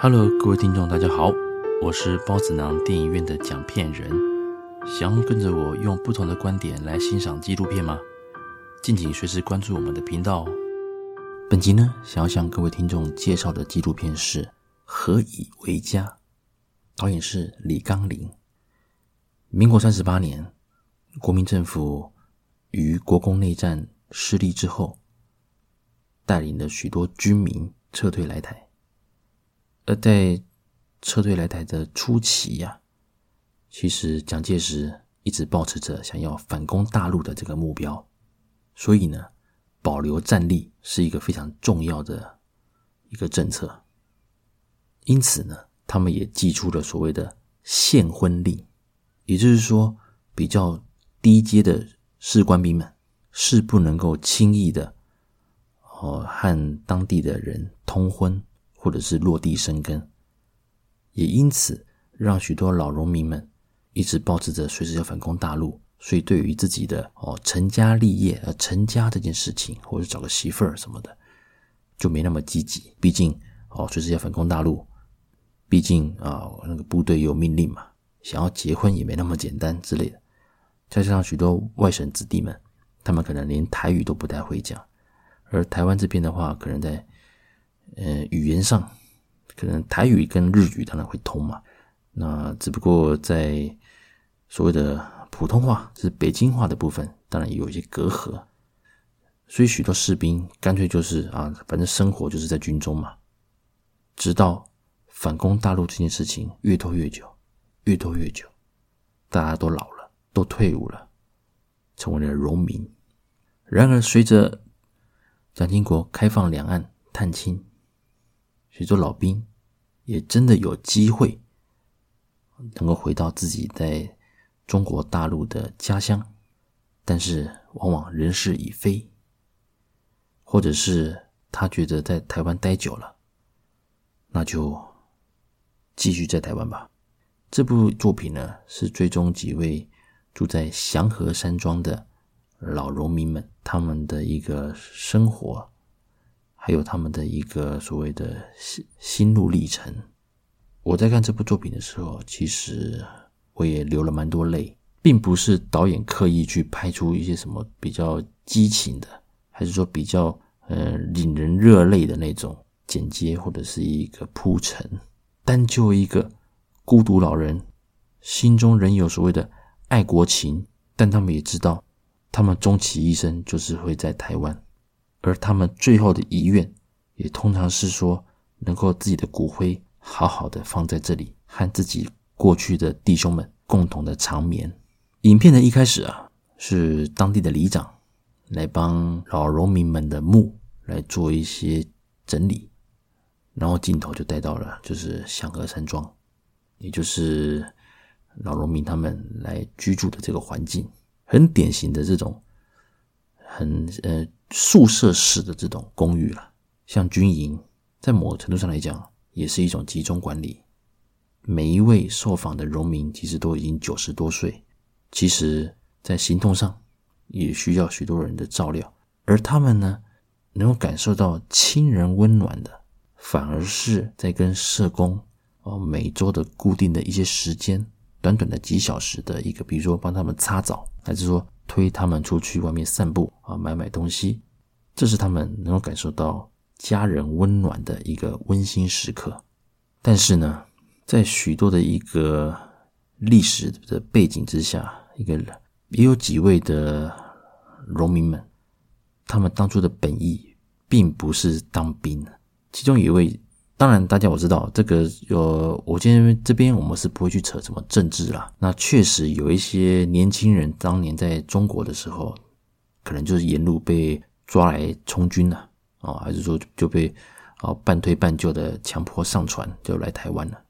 Hello，各位聽眾，大家好，我是孢子囊電影院的講片人。想要跟着我用不同的觀點來欣賞紀錄片嗎？敬請隨時關注我們的頻道。本集呢，想要向各位聽眾介紹的紀錄片是《何以為家》，導演是李剛齡。民國三十八年，國民政府於國共內戰失利之後，帶領了許多軍民撤退來台。而在撤退來台的初期呀、啊，其實蔣介石一直抱持著想要反攻大陸的這個目標，所以呢，保留戰力是一個非常重要的一個政策。因此呢，他們也祭出了所謂的限婚令，也就是說，比較低階的士官兵們是不能夠輕易的哦和當地的人通婚。或者是落地生根，也因此讓許多老榮民們一直抱持著隨時要反攻大陸，所以對於自己的哦成家立業呃，成家這件事情，或者是找個媳婦兒什麼的，就沒那麼積極。畢竟哦隨時要反攻大陸，畢竟啊那個部隊有命令嘛，想要結婚也沒那麼簡單之類的。再加上許多外省子弟們，他們可能連台語都不太會講，而台灣這邊的話，可能在。嗯，語言上可能台語跟日語當然會通嘛，那只不過在所謂的普通話是北京話的部分，當然也有一些隔閡，所以許多士兵乾脆就是啊，反正生活就是在軍中嘛。直到反攻大陸這件事情越拖越久，越拖越久，大家都老了，都退伍了，成為了榮民。然而，隨着蔣經國開放兩岸探親。許多老兵也真的有機會能夠回到自己在中國大陸的家鄉，但是往往人事已非，或者是他覺得在台灣待久了，那就繼續在台灣吧。這部作品呢，是追蹤幾位住在祥和山莊的老榮民們，他們的一個生活。還有他們的一個所謂的心心路歷程。我在看這部作品的時候，其實我也流了蠻多淚，並不是導演刻意去拍出一些什麼比較激情的，還是說比較呃引人熱淚的那種剪接或者是一個鋪陳。單就一個孤獨老人，心中仍有所謂的愛國情，但他們也知道，他們終其一生就是會在台灣。而他們最後的遺願，也通常是說能夠自己的骨灰好好的放在這裡，和自己過去的弟兄們共同的長眠。影片的一開始啊，是當地的里長來幫老榮民們的墓來做一些整理，然後鏡頭就帶到了就是香河山莊，也就是老榮民他們來居住的這個環境，很典型的這種，很呃。宿舍式的這種公寓了，啊，像軍營，在某程度上來講，也是一種集中管理。每一位受訪的榮民其實都已經九十多歲，其實，在行動上也需要許多人的照料，而他們呢，能夠感受到親人溫暖的，反而是在跟社工，哦，每周的固定的一些時間，短短的幾小時的一個，比如說幫他們擦澡，還是說。推他們出去外面散步啊，買買東西，這是他們能夠感受到家人溫暖的一個溫馨時刻。但是呢，在許多的一個歷史的背景之下，一個也有幾位的榮民們，他們當初的本意並不是當兵的。其中一位。當然，大家我知道這個，呃，我今天這邊我們是不會去扯什麼政治啦。那確實有一些年輕人當年在中國的時候，可能就是沿路被抓來充軍了，啊、哦，還是說就被，啊、哦，半推半就的強迫上船就來台灣了。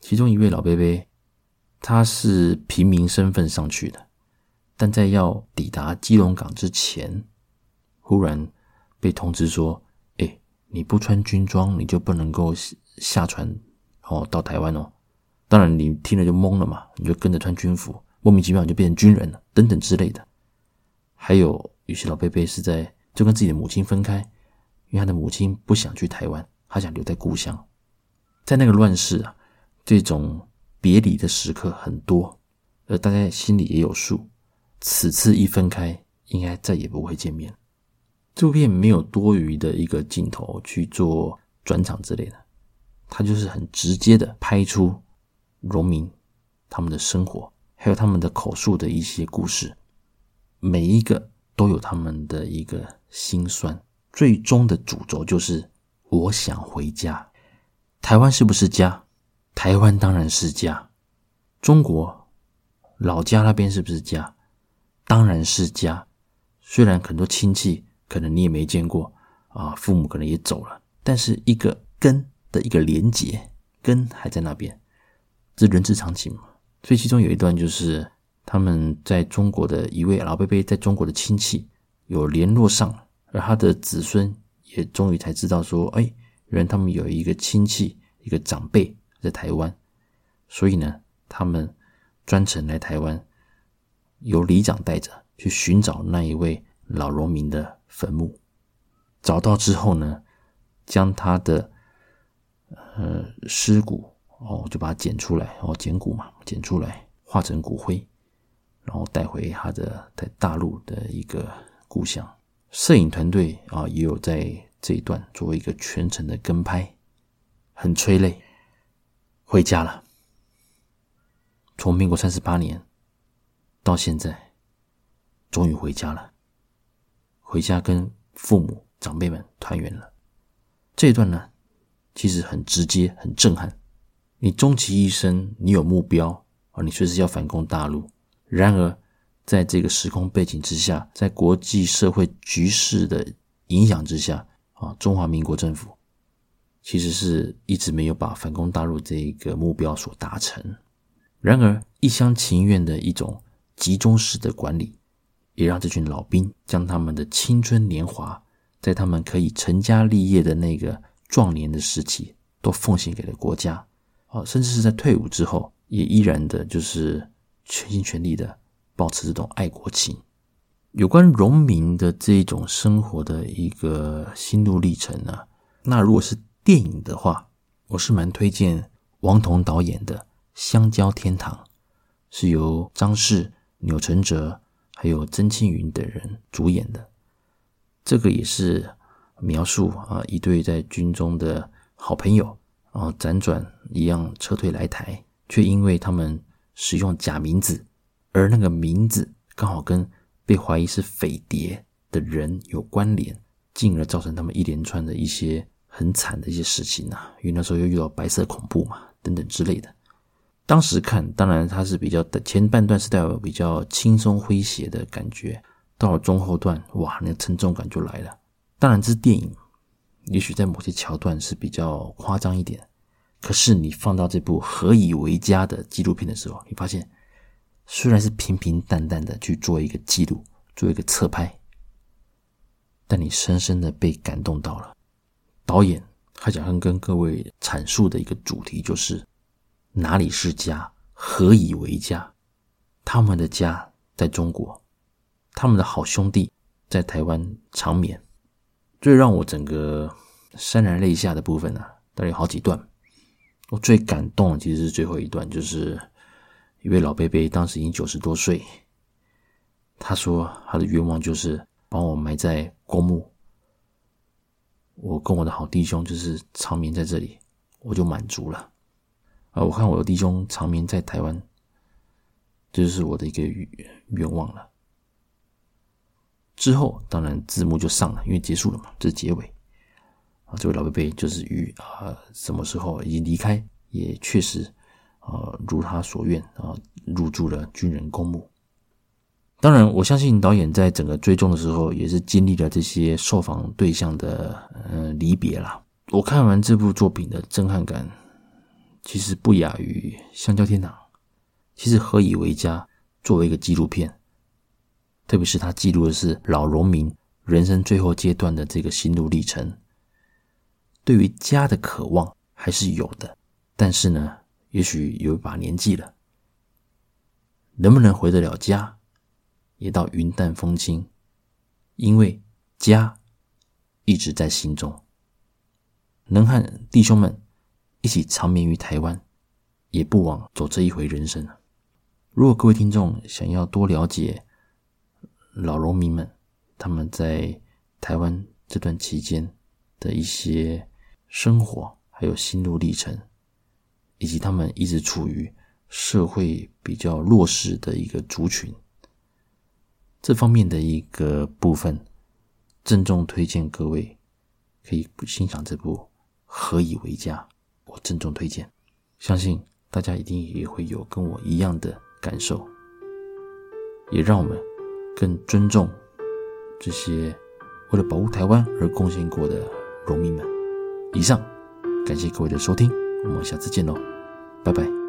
其中一位老伯伯，他是平民身份上去的，但在要抵達基隆港之前，忽然被通知說。你不穿軍裝，你就不能夠下船，哦，到台灣哦。當然，你聽了就懵了嘛，你就跟着穿軍服，莫名其妙你就變成軍人了，等等之類的。還有有些老伯伯是在就跟自己的母親分開，因為他的母親不想去台灣，她想留在故鄉。在那個亂世啊，這種別離的時刻很多，呃，大家心裡也有數。此次一分開，應該再也不會見面。這部片沒有多餘的一個鏡頭去做轉場之類的，它就是很直接的拍出榮民他們的生活，還有他們的口述的一些故事，每一個都有他們的一個心酸。最終的主軸就是我想回家。台灣是不是家？台灣當然是家。中國老家那邊是不是家？當然是家。雖然很多親戚。可能你也沒見過啊，父母可能也走了，但是一個根的一個連接，根還在那邊，這是人之常情嘛。所以其中有一段就是他們在中國的一位老伯伯，在中國的親戚有聯絡上了，而他的子孫也終於才知道說，哎，原來他們有一個親戚，一個長輩在台灣，所以呢，他們專程來台灣，由里長帶着去尋找那一位。老榮民的墳墓找到之後呢，將他的呃屍骨哦，就把它撿出來，哦，撿骨嘛，撿出來化成骨灰，然後帶回他的在大陸的一個故鄉。攝影團隊啊、哦，也有在這一段作為一個全程的跟拍，很催淚。回家了，從民國三十八年到現在，終於回家了。回家跟父母長輩們團圓了，這一段呢，其實很直接，很震撼。你終其一生，你有目標啊，你隨時要反攻大陸。然而，在這個時空背景之下，在國際社會局勢的影響之下啊，中華民國政府其實是一直沒有把反攻大陸這一個目標所達成。然而，一廂情願的一種集中式的管理。也讓這群老兵將他們的青春年華，在他們可以成家立業的那個壯年的時期，都奉獻給了國家。哦，甚至是在退伍之後，也依然的就是全心全力的保持這種愛國情。有關榮民的這種生活的一個心路歷程呢，那如果是電影的話，我是蠻推薦王童導演的《香蕉天堂》，是由張世、鈕承澤、還有曾慶雲等人主演的，這個也是描述啊，一對在軍中的好朋友啊，輾轉一樣撤退來台，却因為他們使用假名字，而那個名字剛好跟被懷疑是匪諜的人有關聯，進而造成他們一連串的一些很慘的一些事情啊，因為那時候又遇到白色恐怖嘛，等等之類的。當時看，當然它，是比較的前半段是帶有比較輕鬆詼諧的感覺，到了中後段，哇，那個沉重感就來了。當然，這電影，也許在某些橋段是比較誇張一點，可是你放到這部《何以為家》的紀錄片的時候，你發現雖然是平平淡淡的去做一個記錄，做一個側拍，但你深深的被感動到了。導演還想跟跟各位闡述的一個主題就是。哪裡是家？何以為家？他們的家在中國，他們的好兄弟在台灣長眠。最讓我整個潸然淚下的部分呢、啊，大概有好幾段。我最感動的其實是最後一段，就是一位老伯伯，當時已經九十多歲，他說他的願望就是把我埋在公墓，我跟我的好弟兄就是長眠在這裡，我就滿足了。啊！我看我的弟兄長眠在台灣，這就是我的一個願望了。之後當然字幕就上了，因為結束了嘛，這是結尾。啊，這位老貝貝就是於啊、呃、什麼時候已經離開，也確實啊、呃、如他所願啊、呃、入住了軍人公墓。當然，我相信導演在整個追蹤的時候也是經歷了這些受訪對象的嗯離別啦。我看完這部作品的震撼感。其實不亞於《香蕉天堂》。其實何以為家，作為一個紀錄片，特別是他記錄的是老榮民人生最後階段的這個心路歷程，對於家的渴望還是有的。但是呢，也許有一把年紀了，能不能回得了家，也到雲淡風輕。因為家一直在心中，能和弟兄們。一起長眠於台灣，也不枉走這一回人生。如果各位聽眾想要多了解老榮民們，他們在台灣這段期間的一些生活，還有心路歷程，以及他們一直處於社會比較弱勢的一個族群，這方面的一個部分，鄭重推薦各位可以欣賞這部《何以為家》。鄭重推薦，相信大家一定也會有跟我一樣的感受，也讓我們更尊重這些為了保護台灣而貢獻過的榮民們。以上，感謝各位的收聽，我們下次見嘍，拜拜。